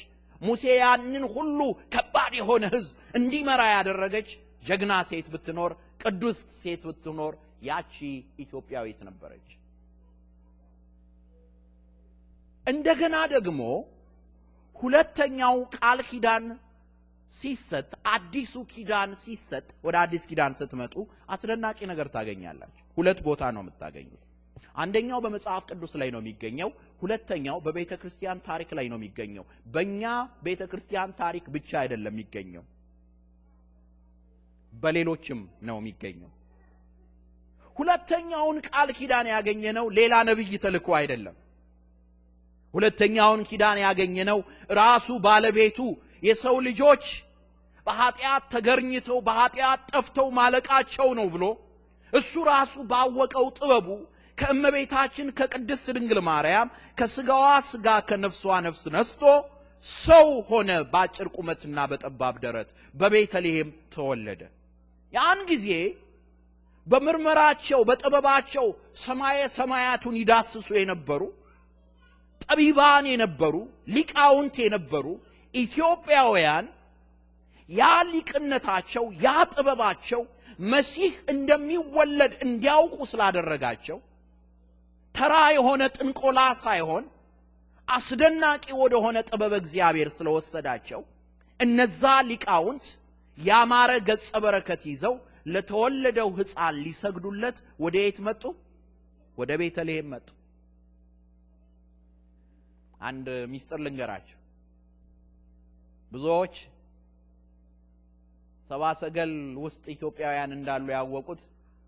ሙሴ ያንን ሁሉ ከባድ የሆነ ህዝብ እንዲመራ ያደረገች ጀግና ሴት ብትኖር ቅዱስ ሴት ብትኖር ያቺ ኢትዮጵያዊት ነበረች። እንደገና ደግሞ ሁለተኛው ቃል ኪዳን ሲሰጥ አዲሱ ኪዳን ሲሰጥ ወደ አዲስ ኪዳን ስትመጡ አስደናቂ ነገር ታገኛላችሁ። ሁለት ቦታ ነው የምታገኙት። አንደኛው በመጽሐፍ ቅዱስ ላይ ነው የሚገኘው። ሁለተኛው በቤተ ክርስቲያን ታሪክ ላይ ነው የሚገኘው። በእኛ ቤተ ክርስቲያን ታሪክ ብቻ አይደለም የሚገኘው፣ በሌሎችም ነው የሚገኘው። ሁለተኛውን ቃል ኪዳን ያገኘነው ሌላ ነቢይ ተልኮ አይደለም። ሁለተኛውን ኪዳን ያገኘነው ራሱ ባለቤቱ የሰው ልጆች በኃጢአት ተገርኝተው በኃጢአት ጠፍተው ማለቃቸው ነው ብሎ እሱ ራሱ ባወቀው ጥበቡ ከእመቤታችን ከቅድስት ድንግል ማርያም ከስጋዋ ስጋ ከነፍሷ ነፍስ ነስቶ ሰው ሆነ። በአጭር ቁመትና በጠባብ ደረት በቤተልሔም ተወለደ። ያን ጊዜ በምርመራቸው በጥበባቸው ሰማየ ሰማያቱን ይዳስሱ የነበሩ ጠቢባን የነበሩ ሊቃውንት የነበሩ ኢትዮጵያውያን ያ ሊቅነታቸው ያ ጥበባቸው መሲህ እንደሚወለድ እንዲያውቁ ስላደረጋቸው ተራ የሆነ ጥንቆላ ሳይሆን አስደናቂ ወደሆነ ጥበብ እግዚአብሔር ስለወሰዳቸው እነዛ ሊቃውንት ያማረ ገጸ በረከት ይዘው ለተወለደው ሕፃን ሊሰግዱለት ወደ የት መጡ? ወደ ቤተልሔም መጡ። አንድ ሚስጥር ልንገራቸው። ብዙዎች ሰባሰገል ውስጥ ኢትዮጵያውያን እንዳሉ ያወቁት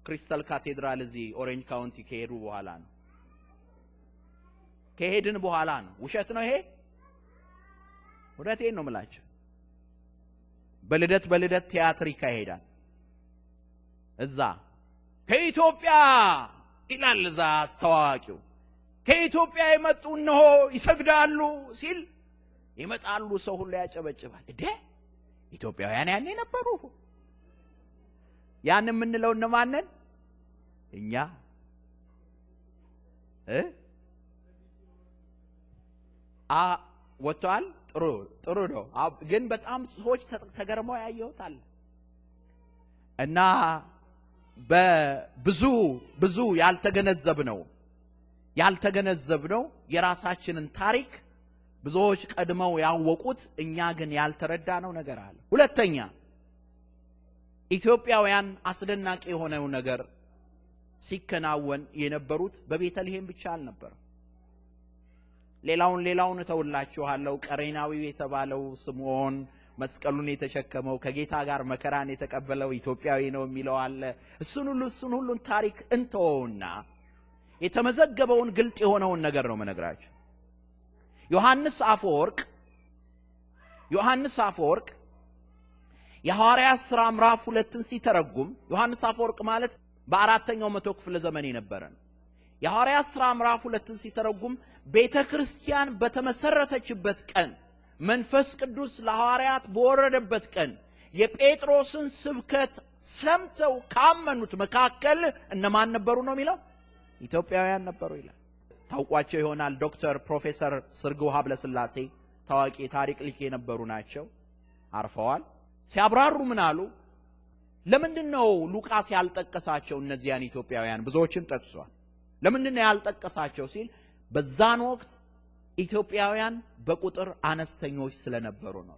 ክሪስታል ካቴድራል እዚህ ኦሬንጅ ካውንቲ ከሄዱ በኋላ ነው። ከሄድን በኋላ ነው። ውሸት ነው ይሄ? እውነቴን ነው የምላቸው። በልደት በልደት ቲያትር ይካሄዳል እዛ ከኢትዮጵያ ይላል እዛ አስተዋዋቂው ከኢትዮጵያ የመጡ እነሆ ይሰግዳሉ ሲል ይመጣሉ፣ ሰው ሁሉ ያጨበጭባል። እዴ ኢትዮጵያውያን ያኔ ነበሩ። ያን የምንለው እነማንን? እኛ አ ወጥቷል። ጥሩ ጥሩ ነው። ግን በጣም ሰዎች ተገርመው ያየውታል። እና በብዙ ብዙ ያልተገነዘብነው ያልተገነዘብነው የራሳችንን ታሪክ ብዙዎች ቀድመው ያወቁት እኛ ግን ያልተረዳነው ነገር አለ። ሁለተኛ ኢትዮጵያውያን አስደናቂ የሆነው ነገር ሲከናወን የነበሩት በቤተልሔም ብቻ አልነበረም። ሌላውን ሌላውን እተውላችኋለሁ። ቀሬናዊው የተባለው ስምዖን መስቀሉን የተሸከመው ከጌታ ጋር መከራን የተቀበለው ኢትዮጵያዊ ነው የሚለው አለ። እሱን ሁሉ እሱን ሁሉን ታሪክ እንተወውና የተመዘገበውን ግልጥ የሆነውን ነገር ነው መነግራቸው። ዮሐንስ አፈወርቅ ዮሐንስ አፈወርቅ የሐዋርያ ሥራ ምዕራፍ ሁለትን ሲተረጉም ዮሐንስ አፈወርቅ ማለት በአራተኛው መቶ ክፍለ ዘመን የነበረ ነው። የሐዋርያ ሥራ ምዕራፍ ሁለትን ሲተረጉም ቤተ ክርስቲያን በተመሰረተችበት ቀን መንፈስ ቅዱስ ለሐዋርያት በወረደበት ቀን የጴጥሮስን ስብከት ሰምተው ካመኑት መካከል እነማን ነበሩ ነው የሚለው? ኢትዮጵያውያን ነበሩ ይላል። ታውቋቸው ይሆናል። ዶክተር ፕሮፌሰር ስርግው ሀብለስላሴ ታዋቂ ታሪክ ሊቅ የነበሩ ናቸው። አርፈዋል። ሲያብራሩ ምን አሉ? ለምንድን ነው ሉቃስ ያልጠቀሳቸው እነዚያን ኢትዮጵያውያን? ብዙዎችን ጠቅሷል። ለምንድን ነው ያልጠቀሳቸው ሲል በዛን ወቅት ኢትዮጵያውያን በቁጥር አነስተኞች ስለነበሩ ነው።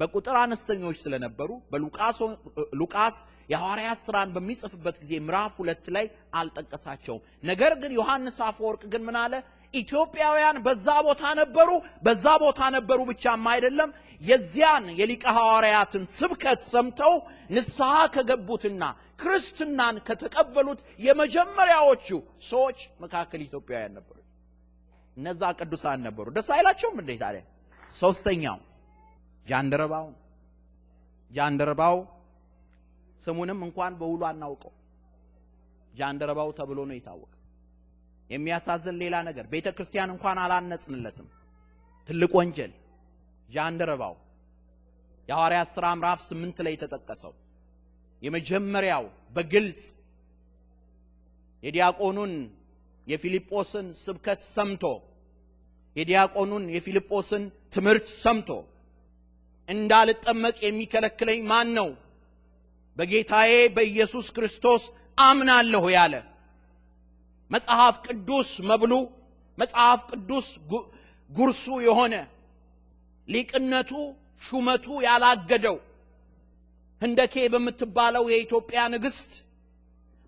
በቁጥር አነስተኞች ስለነበሩ በሉቃስ የሐዋርያት ስራን በሚጽፍበት ጊዜ ምዕራፍ ሁለት ላይ አልጠቀሳቸውም። ነገር ግን ዮሐንስ አፈወርቅ ግን ምን አለ? ኢትዮጵያውያን በዛ ቦታ ነበሩ። በዛ ቦታ ነበሩ ብቻም አይደለም የዚያን የሊቀ ሐዋርያትን ስብከት ሰምተው ንስሐ ከገቡትና ክርስትናን ከተቀበሉት የመጀመሪያዎቹ ሰዎች መካከል ኢትዮጵያውያን ነበሩ። እነዛ ቅዱሳን ነበሩ። ደስ አይላቸውም እንዴ ታዲያ? ሶስተኛው ጃንደረባው ጃንደረባው ስሙንም እንኳን በውሉ አናውቀው። ጃንደረባው ተብሎ ነው የታወቀ። የሚያሳዝን ሌላ ነገር ቤተ ክርስቲያን እንኳን አላነጽንለትም። ትልቅ ወንጀል ጃንደረባው የሐዋርያት ሥራ ምዕራፍ ስምንት ላይ የተጠቀሰው የመጀመሪያው በግልጽ የዲያቆኑን የፊልጶስን ስብከት ሰምቶ የዲያቆኑን የፊልጶስን ትምህርት ሰምቶ እንዳልጠመቅ የሚከለክለኝ ማን ነው? በጌታዬ በኢየሱስ ክርስቶስ አምናለሁ ያለ መጽሐፍ ቅዱስ መብሉ መጽሐፍ ቅዱስ ጉርሱ የሆነ ሊቅነቱ ሹመቱ ያላገደው ህንደኬ በምትባለው የኢትዮጵያ ንግሥት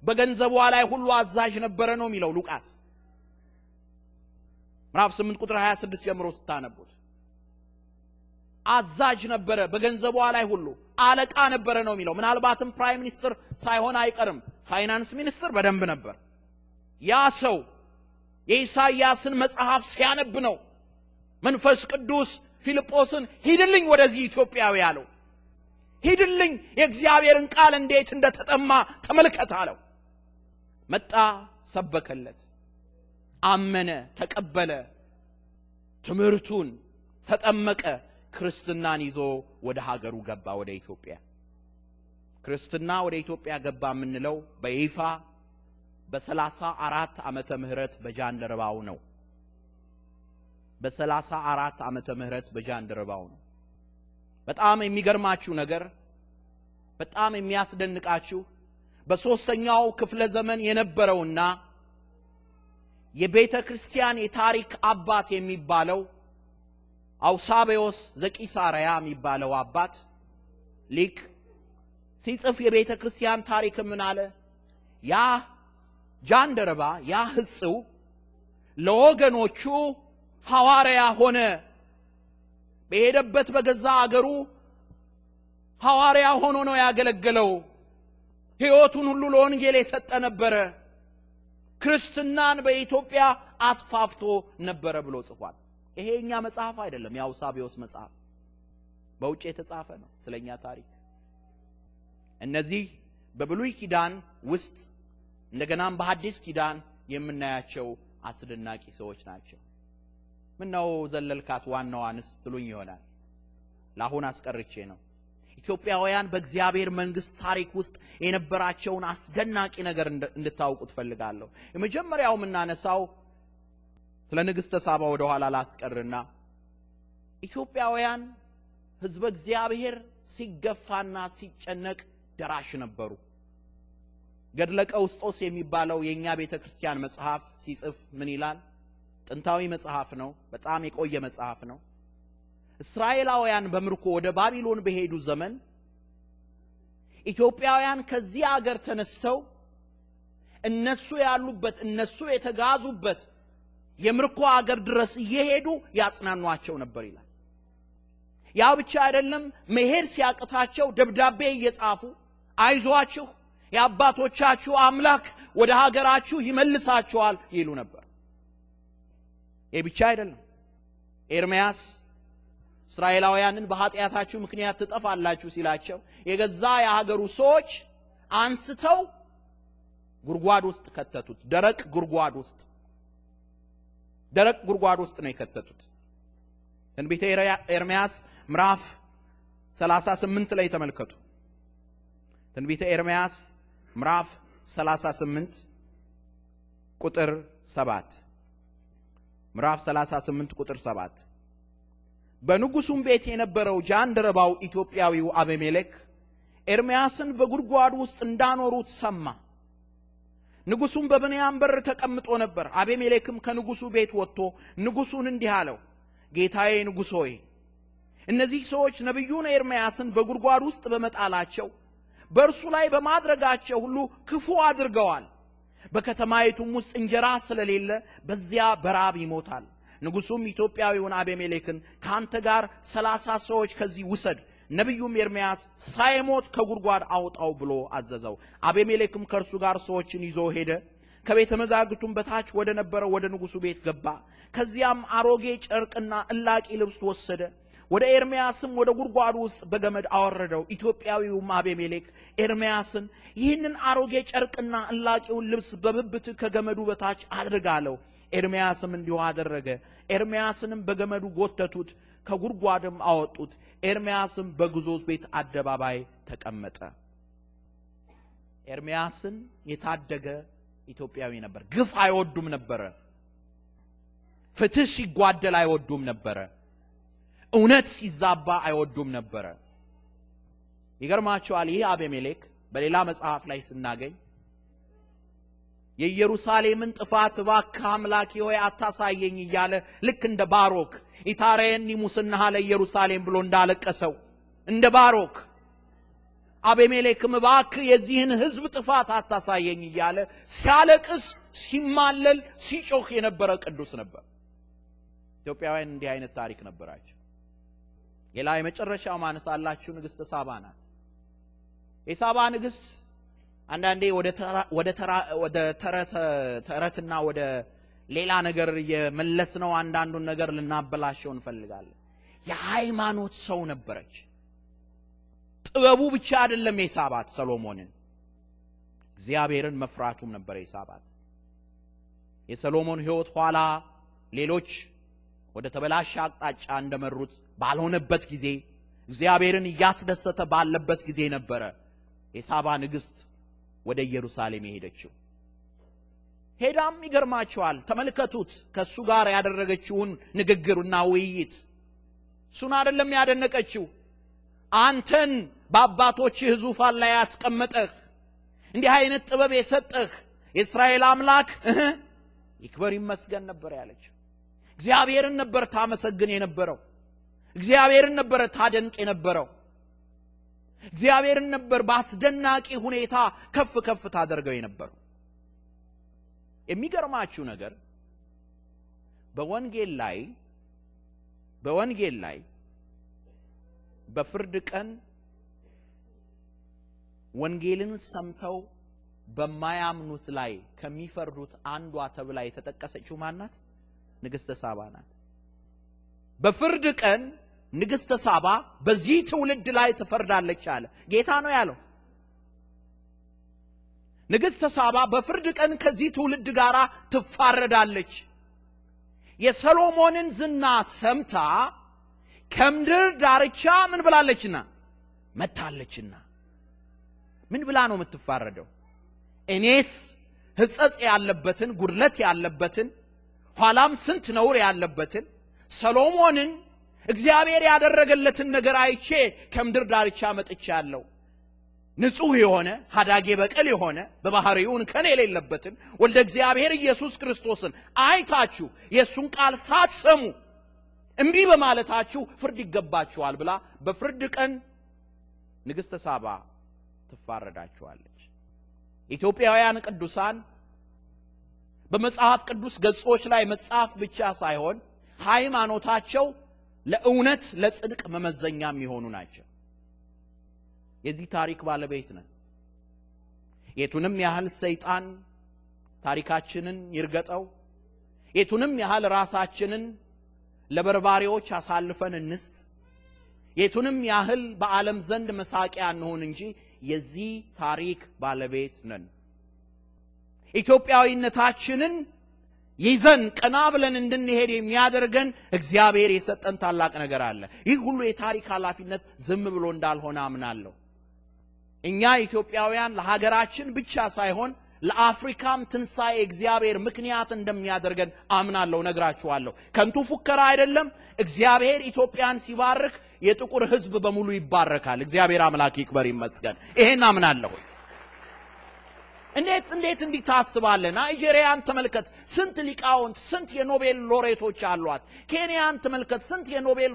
በገንዘቧ ላይ ሁሉ አዛዥ ነበረ ነው የሚለው ሉቃስ ምዕራፍ 8 ቁጥር 26 ጀምሮ ስታነቡት አዛዥ ነበረ በገንዘቧ ላይ ሁሉ አለቃ ነበረ ነው የሚለው ምናልባትም ፕራይም ሚኒስትር ሳይሆን አይቀርም ፋይናንስ ሚኒስትር በደንብ ነበር ያ ሰው የኢሳይያስን መጽሐፍ ሲያነብ ነው መንፈስ ቅዱስ ፊልጶስን ሂድልኝ ወደዚህ ኢትዮጵያዊ አለው ሂድልኝ የእግዚአብሔርን ቃል እንዴት እንደተጠማ ተመልከት አለው መጣ ሰበከለት አመነ ተቀበለ ትምህርቱን ተጠመቀ ክርስትናን ይዞ ወደ ሀገሩ ገባ፣ ወደ ኢትዮጵያ። ክርስትና ወደ ኢትዮጵያ ገባ የምንለው በይፋ በሰላሳ አራት ዓመተ ምህረት በጃንደረባው ነው። በሰላሳ አራት ዓመተ ምህረት በጃንደረባው ነው። በጣም የሚገርማችሁ ነገር በጣም የሚያስደንቃችሁ በሦስተኛው ክፍለ ዘመን የነበረውና የቤተ ክርስቲያን የታሪክ አባት የሚባለው አውሳቤዎስ ዘቂሳርያ የሚባለው አባት ሊቅ ሲጽፍ የቤተ ክርስቲያን ታሪክ ምን አለ? ያ ጃንደረባ ያ ህጽው ለወገኖቹ ሐዋርያ ሆነ። በሄደበት በገዛ አገሩ ሐዋርያ ሆኖ ነው ያገለገለው። ሕይወቱን ሁሉ ለወንጌል የሰጠ ነበረ። ክርስትናን በኢትዮጵያ አስፋፍቶ ነበረ ብሎ ጽፏል። ይሄኛ መጽሐፍ አይደለም። ያው ሳቢዎስ መጽሐፍ በውጭ የተጻፈ ነው ስለኛ ታሪክ። እነዚህ በብሉይ ኪዳን ውስጥ እንደገናም በሐዲስ ኪዳን የምናያቸው አስደናቂ ሰዎች ናቸው። ነው ዘለልካት ዋናዋንስ ትሉኝ ይሆናል። ለአሁን አስቀርቼ ነው። ኢትዮጵያውያን በእግዚአብሔር መንግስት ታሪክ ውስጥ የነበራቸውን አስደናቂ ነገር እንድታውቁ ትፈልጋለሁ። የመጀመሪያው የምናነሳው ስለ ንግሥተ ሳባ ወደ ኋላ ላስቀርና ኢትዮጵያውያን ሕዝበ እግዚአብሔር ሲገፋና ሲጨነቅ ደራሽ ነበሩ። ገድለ ቀውስጦስ የሚባለው የእኛ ቤተ ክርስቲያን መጽሐፍ ሲጽፍ ምን ይላል? ጥንታዊ መጽሐፍ ነው። በጣም የቆየ መጽሐፍ ነው። እስራኤላውያን በምርኮ ወደ ባቢሎን በሄዱ ዘመን ኢትዮጵያውያን ከዚህ አገር ተነስተው እነሱ ያሉበት እነሱ የተጋዙበት የምርኮ አገር ድረስ እየሄዱ ያጽናኗቸው ነበር ይላል። ያ ብቻ አይደለም። መሄድ ሲያቅታቸው ደብዳቤ እየጻፉ አይዟችሁ፣ የአባቶቻችሁ አምላክ ወደ ሀገራችሁ ይመልሳችኋል ይሉ ነበር። ይህ ብቻ አይደለም። ኤርምያስ እስራኤላውያንን በኃጢአታችሁ ምክንያት ትጠፋላችሁ ሲላቸው የገዛ የሀገሩ ሰዎች አንስተው ጉድጓድ ውስጥ ከተቱት፣ ደረቅ ጉድጓድ ውስጥ ደረቅ ጉድጓድ ውስጥ ነው የከተቱት። ትንቢተ ኤርምያስ ምዕራፍ 38 ላይ ተመልከቱ። ትንቢተ ኤርምያስ ምዕራፍ 38 ቁጥር 7 ምዕራፍ 38 ቁጥር 7 በንጉሱም ቤት የነበረው ጃንደረባው ኢትዮጵያዊው አቤሜሌክ ኤርምያስን በጉድጓድ ውስጥ እንዳኖሩት ሰማ። ንጉሱም በብንያም በር ተቀምጦ ነበር። አቤሜሌክም ከንጉሱ ቤት ወጥቶ ንጉሱን እንዲህ አለው፣ ጌታዬ ንጉሥ ሆይ እነዚህ ሰዎች ነቢዩን ኤርምያስን በጉድጓድ ውስጥ በመጣላቸው በእርሱ ላይ በማድረጋቸው ሁሉ ክፉ አድርገዋል። በከተማይቱም ውስጥ እንጀራ ስለሌለ በዚያ በራብ ይሞታል። ንጉሱም ኢትዮጵያዊውን አቤሜሌክን ከአንተ ጋር ሰላሳ ሰዎች ከዚህ ውሰድ ነቢዩም ኤርምያስ ሳይሞት ከጉድጓድ አውጣው ብሎ አዘዘው። አቤሜሌክም ከእርሱ ጋር ሰዎችን ይዞ ሄደ። ከቤተ መዛግብቱም በታች ወደ ነበረ ወደ ንጉሱ ቤት ገባ። ከዚያም አሮጌ ጨርቅና እላቂ ልብስ ወሰደ። ወደ ኤርምያስም ወደ ጉድጓዱ ውስጥ በገመድ አወረደው። ኢትዮጵያዊውም አቤሜሌክ ኤርምያስን ይህንን አሮጌ ጨርቅና እላቂውን ልብስ በብብት ከገመዱ በታች አድርጋለሁ። ኤርምያስም እንዲሁ አደረገ። ኤርምያስንም በገመዱ ጎተቱት፣ ከጉድጓድም አወጡት። ኤርምያስም በግዞት ቤት አደባባይ ተቀመጠ። ኤርምያስን የታደገ ኢትዮጵያዊ ነበር። ግፍ አይወዱም ነበረ። ፍትህ ሲጓደል አይወዱም ነበረ። እውነት ሲዛባ አይወዱም ነበረ። ይገርማቸዋል። ይህ አቤሜሌክ በሌላ መጽሐፍ ላይ ስናገኝ የኢየሩሳሌምን ጥፋት እባክህ አምላኬ ሆይ አታሳየኝ እያለ ልክ እንደ ባሮክ ኢታሬኒ ሙስናሃ ለኢየሩሳሌም ብሎ እንዳለቀሰው እንደ ባሮክ አቤሜሌክም እባክህ የዚህን ህዝብ ጥፋት አታሳየኝ እያለ ሲያለቅስ፣ ሲማለል፣ ሲጮህ የነበረ ቅዱስ ነበር። ኢትዮጵያውያን እንዲህ አይነት ታሪክ ነበራቸው። ሌላ የመጨረሻው ማነሳላችሁ ንግሥት ሳባ ናት። የሳባ ንግሥት አንዳንዴ ወደ ተረትና ወደ ሌላ ነገር የመለስ ነው። አንዳንዱን ነገር ልናበላሸው እንፈልጋለን። የሃይማኖት ሰው ነበረች። ጥበቡ ብቻ አይደለም የሳባት ሰሎሞንን፣ እግዚአብሔርን መፍራቱም ነበረ የሳባት። የሰሎሞን ሕይወት ኋላ ሌሎች ወደ ተበላሸ አቅጣጫ እንደመሩት ባልሆነበት ጊዜ እግዚአብሔርን እያስደሰተ ባለበት ጊዜ ነበረ የሳባ ንግሥት ወደ ኢየሩሳሌም የሄደችው። ሄዳም ይገርማቸዋል። ተመልከቱት ከእሱ ጋር ያደረገችውን ንግግርና ውይይት። እሱን አይደለም ያደነቀችው፣ አንተን በአባቶችህ ዙፋን ላይ ያስቀመጠህ እንዲህ አይነት ጥበብ የሰጠህ የእስራኤል አምላክ ይክበር ይመስገን ነበር ያለችው። እግዚአብሔርን ነበር ታመሰግን የነበረው። እግዚአብሔርን ነበር ታደንቅ የነበረው። እግዚአብሔርን ነበር በአስደናቂ ሁኔታ ከፍ ከፍ ታደርገው የነበረው። የሚገርማችሁ ነገር በወንጌል ላይ በወንጌል ላይ በፍርድ ቀን ወንጌልን ሰምተው በማያምኑት ላይ ከሚፈርዱት አንዷ ተብላ የተጠቀሰችው ማናት? ንግሥተ ሳባ ናት። በፍርድ ቀን ንግሥተ ሳባ በዚህ ትውልድ ላይ ትፈርዳለች አለ ጌታ ነው ያለው። ንግሥተ ሳባ በፍርድ ቀን ከዚህ ትውልድ ጋር ትፋረዳለች። የሰሎሞንን ዝና ሰምታ ከምድር ዳርቻ ምን ብላለችና መታለችና ምን ብላ ነው የምትፋረደው? እኔስ ሕጸጽ ያለበትን ጉድለት ያለበትን ኋላም ስንት ነውር ያለበትን ሰሎሞንን እግዚአብሔር ያደረገለትን ነገር አይቼ ከምድር ዳርቻ መጥቻ ያለው ንጹህ የሆነ ሀዳጌ በቀል የሆነ በባህሪውን ከኔ የሌለበትን ወልደ እግዚአብሔር ኢየሱስ ክርስቶስን አይታችሁ የእሱን ቃል ሳትሰሙ እምቢ በማለታችሁ ፍርድ ይገባችኋል ብላ በፍርድ ቀን ንግሥተ ሳባ ትፋረዳችኋለች። ኢትዮጵያውያን ቅዱሳን በመጽሐፍ ቅዱስ ገጾች ላይ መጽሐፍ ብቻ ሳይሆን ሃይማኖታቸው ለእውነት ለጽድቅ መመዘኛ የሚሆኑ ናቸው። የዚህ ታሪክ ባለቤት ነን። የቱንም ያህል ሰይጣን ታሪካችንን ይርገጠው፣ የቱንም ያህል ራሳችንን ለበርባሪዎች አሳልፈን እንስት የቱንም ያህል በዓለም ዘንድ መሳቂያ እንሆን እንጂ የዚህ ታሪክ ባለቤት ነን። ኢትዮጵያዊነታችንን ይዘን ቀና ብለን እንድንሄድ የሚያደርገን እግዚአብሔር የሰጠን ታላቅ ነገር አለ። ይህ ሁሉ የታሪክ ኃላፊነት ዝም ብሎ እንዳልሆነ አምናለሁ። እኛ ኢትዮጵያውያን ለሀገራችን ብቻ ሳይሆን ለአፍሪካም ትንሣኤ እግዚአብሔር ምክንያት እንደሚያደርገን አምናለሁ፣ ነግራችኋለሁ። ከንቱ ፉከራ አይደለም። እግዚአብሔር ኢትዮጵያን ሲባርክ የጥቁር ሕዝብ በሙሉ ይባረካል። እግዚአብሔር አምላክ ይክበር ይመስገን። ይሄን አምናለሁ። እንዴት እንዴት እንዲህ ታስባለህ? ናይጄሪያን ተመልከት፣ ስንት ሊቃውንት ስንት የኖቤል ሎሬቶች አሏት። ኬንያን ተመልከት፣ ስንት የኖቤል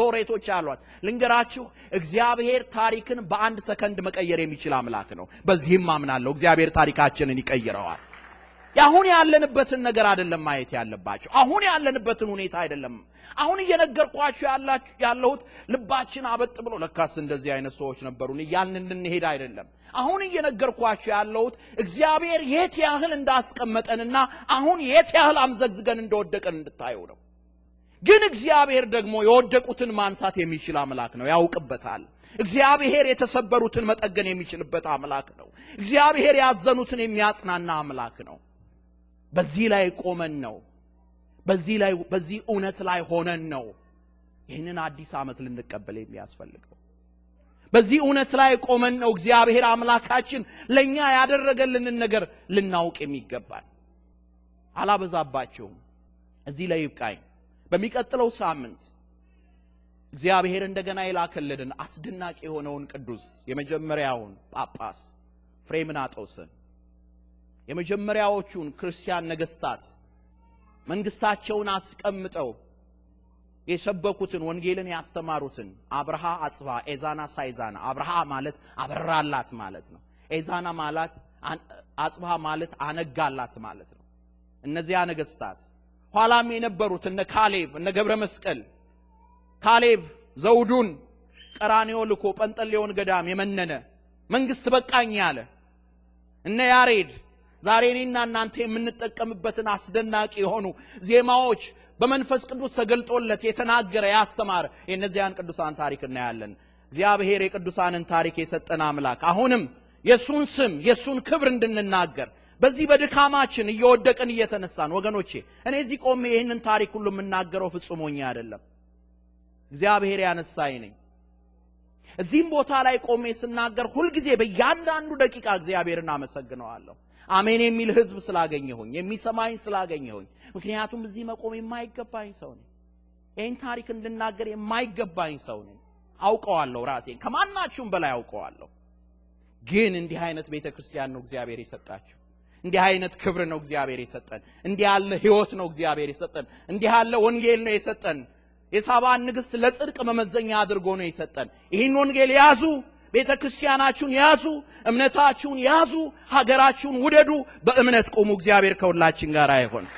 ሎሬቶች አሏት። ልንገራችሁ፣ እግዚአብሔር ታሪክን በአንድ ሰከንድ መቀየር የሚችል አምላክ ነው። በዚህም አምናለሁ፣ እግዚአብሔር ታሪካችንን ይቀይረዋል። አሁን ያለንበትን ነገር አይደለም ማየት ያለባቸው። አሁን ያለንበትን ሁኔታ አይደለም። አሁን እየነገርኳችሁ ያለሁት ልባችን አበጥ ብሎ ለካስ እንደዚህ አይነት ሰዎች ነበሩን እያልን እንድንሄድ አይደለም። አሁን እየነገርኳችሁ ያለሁት እግዚአብሔር የት ያህል እንዳስቀመጠንና አሁን የት ያህል አምዘግዝገን እንደወደቀን እንድታየው ነው። ግን እግዚአብሔር ደግሞ የወደቁትን ማንሳት የሚችል አምላክ ነው፣ ያውቅበታል። እግዚአብሔር የተሰበሩትን መጠገን የሚችልበት አምላክ ነው። እግዚአብሔር ያዘኑትን የሚያጽናና አምላክ ነው። በዚህ ላይ ቆመን ነው። በዚህ ላይ በዚህ እውነት ላይ ሆነን ነው ይህንን አዲስ ዓመት ልንቀበል የሚያስፈልገው። በዚህ እውነት ላይ ቆመን ነው እግዚአብሔር አምላካችን ለእኛ ያደረገልንን ነገር ልናውቅ የሚገባል። አላበዛባቸውም። እዚህ ላይ ይብቃኝ። በሚቀጥለው ሳምንት እግዚአብሔር እንደገና የላከልንን አስደናቂ የሆነውን ቅዱስ የመጀመሪያውን ጳጳስ ፍሬምናጦስን የመጀመሪያዎቹን ክርስቲያን ነገስታት መንግስታቸውን አስቀምጠው የሰበኩትን ወንጌልን ያስተማሩትን አብርሃ አጽባ ኤዛና ሳይዛና አብርሃ ማለት አበራላት ማለት ነው። ኤዛና ማለት አጽባ ማለት አነጋላት ማለት ነው። እነዚያ ነገስታት ኋላም የነበሩት እነ ካሌብ እነ ገብረ መስቀል ካሌብ ዘውዱን ቀራኔዮ ልኮ ጰንጠሌዎን ገዳም የመነነ መንግስት በቃኝ ያለ እነ ያሬድ ዛሬ እኔና እናንተ የምንጠቀምበትን አስደናቂ የሆኑ ዜማዎች በመንፈስ ቅዱስ ተገልጦለት የተናገረ ያስተማረ የእነዚያን ቅዱሳን ታሪክ እናያለን። እግዚአብሔር የቅዱሳንን ታሪክ የሰጠን አምላክ አሁንም የእሱን ስም የእሱን ክብር እንድንናገር በዚህ በድካማችን እየወደቅን እየተነሳን ወገኖቼ፣ እኔ እዚህ ቆሜ ይህንን ታሪክ ሁሉ የምናገረው ፍጹም ሆኜ አይደለም። እግዚአብሔር ያነሳኝ ነኝ። እዚህም ቦታ ላይ ቆሜ ስናገር ሁልጊዜ በእያንዳንዱ ደቂቃ እግዚአብሔርን አመሰግነዋለሁ። አሜን የሚል ህዝብ ስላገኘሁኝ፣ የሚሰማኝ ስላገኘሁኝ። ምክንያቱም እዚህ መቆም የማይገባኝ ሰው ነኝ። ይህን ታሪክ እንድናገር የማይገባኝ ሰው ነኝ። አውቀዋለሁ፣ ራሴን ከማናችሁም በላይ አውቀዋለሁ። ግን እንዲህ አይነት ቤተ ክርስቲያን ነው እግዚአብሔር የሰጣችሁ። እንዲህ አይነት ክብር ነው እግዚአብሔር የሰጠን። እንዲህ ያለ ህይወት ነው እግዚአብሔር የሰጠን። እንዲህ ያለ ወንጌል ነው የሰጠን። የሳባን ንግሥት ለጽድቅ መመዘኛ አድርጎ ነው የሰጠን። ይህን ወንጌል ያዙ፣ ቤተ ክርስቲያናችሁን ያዙ፣ እምነታችሁን ያዙ፣ ሀገራችሁን ውደዱ፣ በእምነት ቆሙ እግዚአብሔር ከሁላችን ጋር አይሆን።